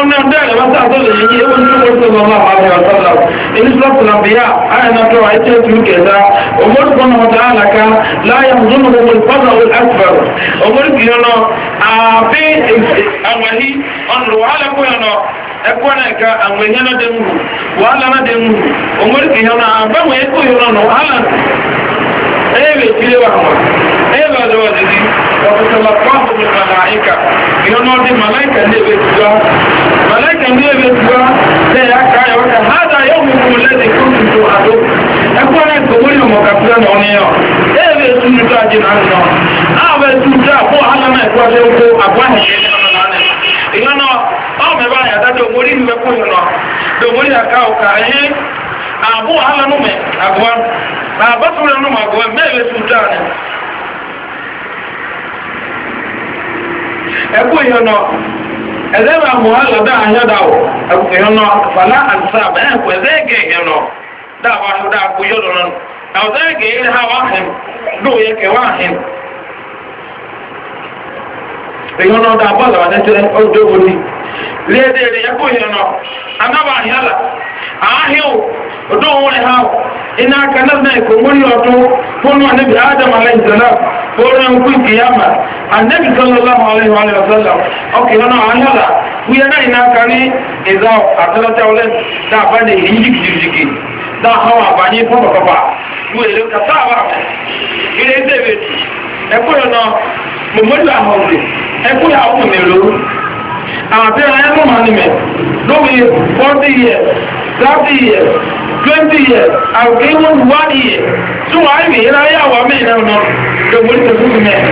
ọmọ ẹgbẹ́ rẹ̀ wọ́n sáà tó lè yí ewu ní ọjọ́ ìgbọ́nà àwọn ọ̀sọ́lá ìlúṣọ́pù làbíyà ayẹnàtọ́ àìtẹ́ tí ó kẹta ọmọdúnkọ́nà ọ̀tà àlàká láyé ọdún gbogbo ìpọ́nà olùfẹ́r ọmọdúnkìyànà àbí àwàhí ọ̀nà wàhálà kóyànà ẹkọ́nà ẹ̀ka àwọn èèyàn náà dẹ̀ ń wù wàhálà náà dẹ̀ ń wù ọmọdúnkìyànà àbẹ́wò ẹkọ́ yọ̀nà wàhálà porque ẹ̀yẹ́wẹ̀ ìdílé wà wọn ẹ̀yẹ́wẹ̀ ọ̀dọ́wọ̀ dídí ọ̀pọ̀tọ̀lá pààbò ní màláìkà ìyọ́nà ọdí màláìkà ní ewé tiwa màláìkà ní ewé tiwa lẹ́yà é yọ ká hádà yóò mú fún lẹ́dí kóòtù tó àdó ẹ̀kọ́ náà kò wọ́n yọmọ kàtúrà náà ní yọ ẹ̀yẹ́wẹ̀ ìtúndú tó àjẹ náà nọ àwọn ìtúndú àpò àlànà ẹ̀kọ́ àti ẹ̀kọ́ àgbà ìyọ́nà ọmọ ẹ̀bá àyàdájọ́ mórí mẹ́kún ìrìnà lòmórí àkáwọ̀ kàáyé àbúhálánú mẹ́ àgbọ́n bàbá tó lẹ́nu màgọ́ mẹ́rin tó dáa ni ẹkú ìyẹn náà ẹ̀dẹ́ bá mọ̀ á lọ́dọ̀ àyọ́dà wọ̀ ẹkú ìyẹn náà fàlà àdìsá bẹ́ẹ̀ kú ẹ̀dẹ́ ẹ̀gẹ́ ìyẹn náà dáàbà tó dáa kú yọ̀dọ̀ náà ẹ̀dẹ́ ẹ̀gẹ́ ìyẹn ha wá hìn ló yẹ kẹ wá hìn ìyẹn náà dáa bọ́ọ̀lù àwọn ẹ̀dẹ́ ọjọ́ wo ni léde ẹ̀dẹ́ ẹkú ìyẹn náà anábàáyálà àáhìn ò ọdún òun rẹ̀ ha wọ̀ iná kanáà náà kò múrí ọdún fún wọn níbi adam aláìsàlá fóòrùn ẹnkú ìkìyàmà annabi sallallahu alaihi wa sallam ọkì lọ́nà àyàlá wíyẹ náà iná karí ìzá àtàlátà ọlẹ́ dáàbá ní èyí jìkìjìkì dáàbá àbáyé pọ́pọ̀pọ̀pà wíyẹ kàtà àbá ilé ìdèbè ẹkú yọ̀nà mọ̀mọ́lá àwọn òkè ẹkú yà ọkùn mẹ́rọ àti ayé mọ̀mọ́ ni mẹ́ lóbi 40 years 30 years 20 years or even one year. So I mean, I have a man now, not the one to do men.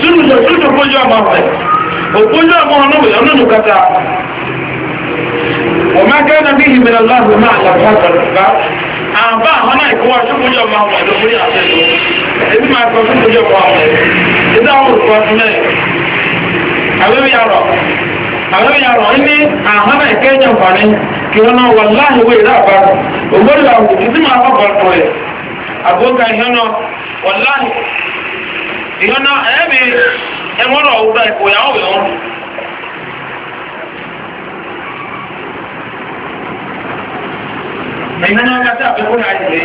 So you should to put your mouth. Opunjo àwọn ọ̀nà òyìn ọ̀nà òkàtà. Ọmọ gánà bí ìhìmẹ̀ aláàrùn máa làpapọ̀ lọ́pàá. Àbá àwọn náà ìkọwà ṣúkúnjọ máa wà lórí àṣẹ ìlú. Ebi máa sọ ṣúkúnjọ máa wà. Ìdá àwọn òṣùpá fún mẹ́rin. Àwẹ́wì àrọ̀. Àwẹ́wì àrọ̀ ní àhánà ìkẹ́jọ̀ wà ní kìrọ́nà wà láàrin wé ìdáàbá ògbórí àwọn ìdí máa bá bá tọ́ ẹ̀ àgbóga ìyọ́nà wà láàrin ìyọ́nà ẹ̀ẹ́bì ẹmọ́rọ̀ ọ̀gbà ìpòyàwó ìwọ̀n ìyọ́nà ọ̀gá tí àpẹkùn náà ìdílé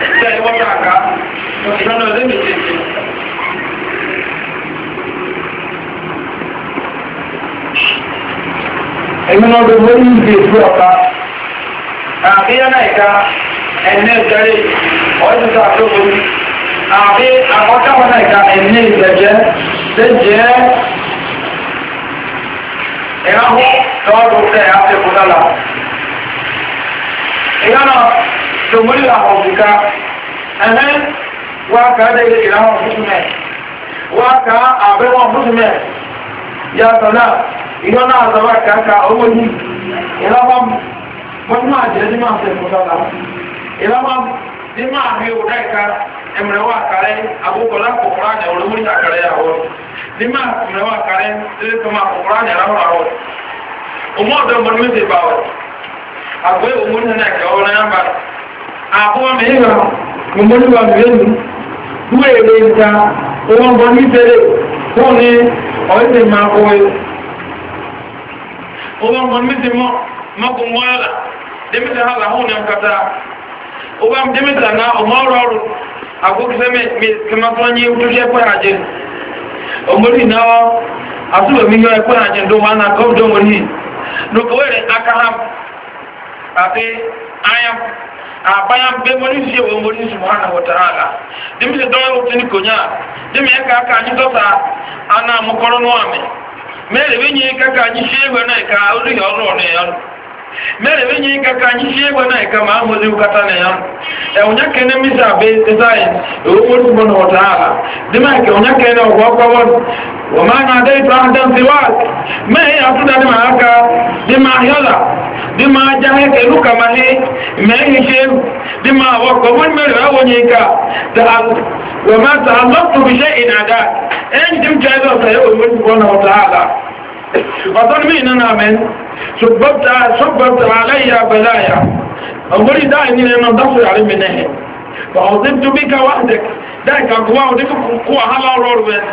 tẹ́lẹ̀ ẹ̀yìn ọdún mọ́ ní ìgbè fún ọ̀pá àbíyàn náà ìka ẹ̀nẹ́ ìjẹrẹ ọ̀ẹ́dùsà tó borí àbí àkọ́kọ́ náà ìka ẹ̀nẹ́ ìjẹjẹ tó jẹ́ ìrànwọ́ tọ́ọ̀dún tẹ̀ àti ìkúdàlà ìyánà tó múlí àwọn òbíká ẹ̀nẹ́ wá ká dé ìrànwọ́ fúnmẹ̀ wá ká àbẹ́wọ̀n fúnmẹ̀ yàtọ̀ náà ìjọ náà zọba kàkà owó ní ìlọ́pàá mọ́nú àjẹ́ ní máa fẹ́ fọ́tọ́lá ìlọ́pàá ní máa fi òdá ìka ẹmẹ̀rẹ̀wà kàrẹ́ agbókọ̀lá kòkòrò àjẹ́ olómúrí àkàrẹ́ àwọ̀ ní máa tẹ́lẹ̀ tó ní ìfẹ́lẹ̀ máa kọ́ oba mo mete mo ọrụ mola demete hala hone mkata oba demete na o mawro ago kiseme me kema tonye utuje kwa haje omori na asuba mi yo kwa haje ndo na ko do mori no ko aka akaham ate ayam abaya be mori sie wo mori ha. konya ka ana mere wenye kaka anyị si egwe na orughi ọrụ ọrụ ya mere wenye kaka anyị si egwe na ka ma ahụzi ụkata na ya e onye kene misa abe design owó rúgbọ́n na ọ̀tá àlà dìmọ̀ ẹ̀kẹ́ onye kene ọ̀gọ́ ọgbọ́wọ́ wọ́n máa na adé ìtọ́ àdá sí wá mẹ́rin àtúndà dìmọ̀ aka dìmọ̀ ahíọ́là dìmọ̀ ajá ẹ̀kẹ́ lúkà máa hí mẹ́rin ṣe dìmọ̀ àwọ̀kọ̀ wọ́n mẹ́rin àwọn onye ka wọ́n máa tà ẹn jim jaizọ ta yau iwe ti bọ́nà wata ala ọ̀tọ́n mi nínú amẹ́n ṣùgbọ́ta aláyà bẹ̀láyà ọgbọ́rí dáa ní ẹnu dáfẹ́ àrí mi nẹ́hẹ̀ ọ̀tí tó bí ká wá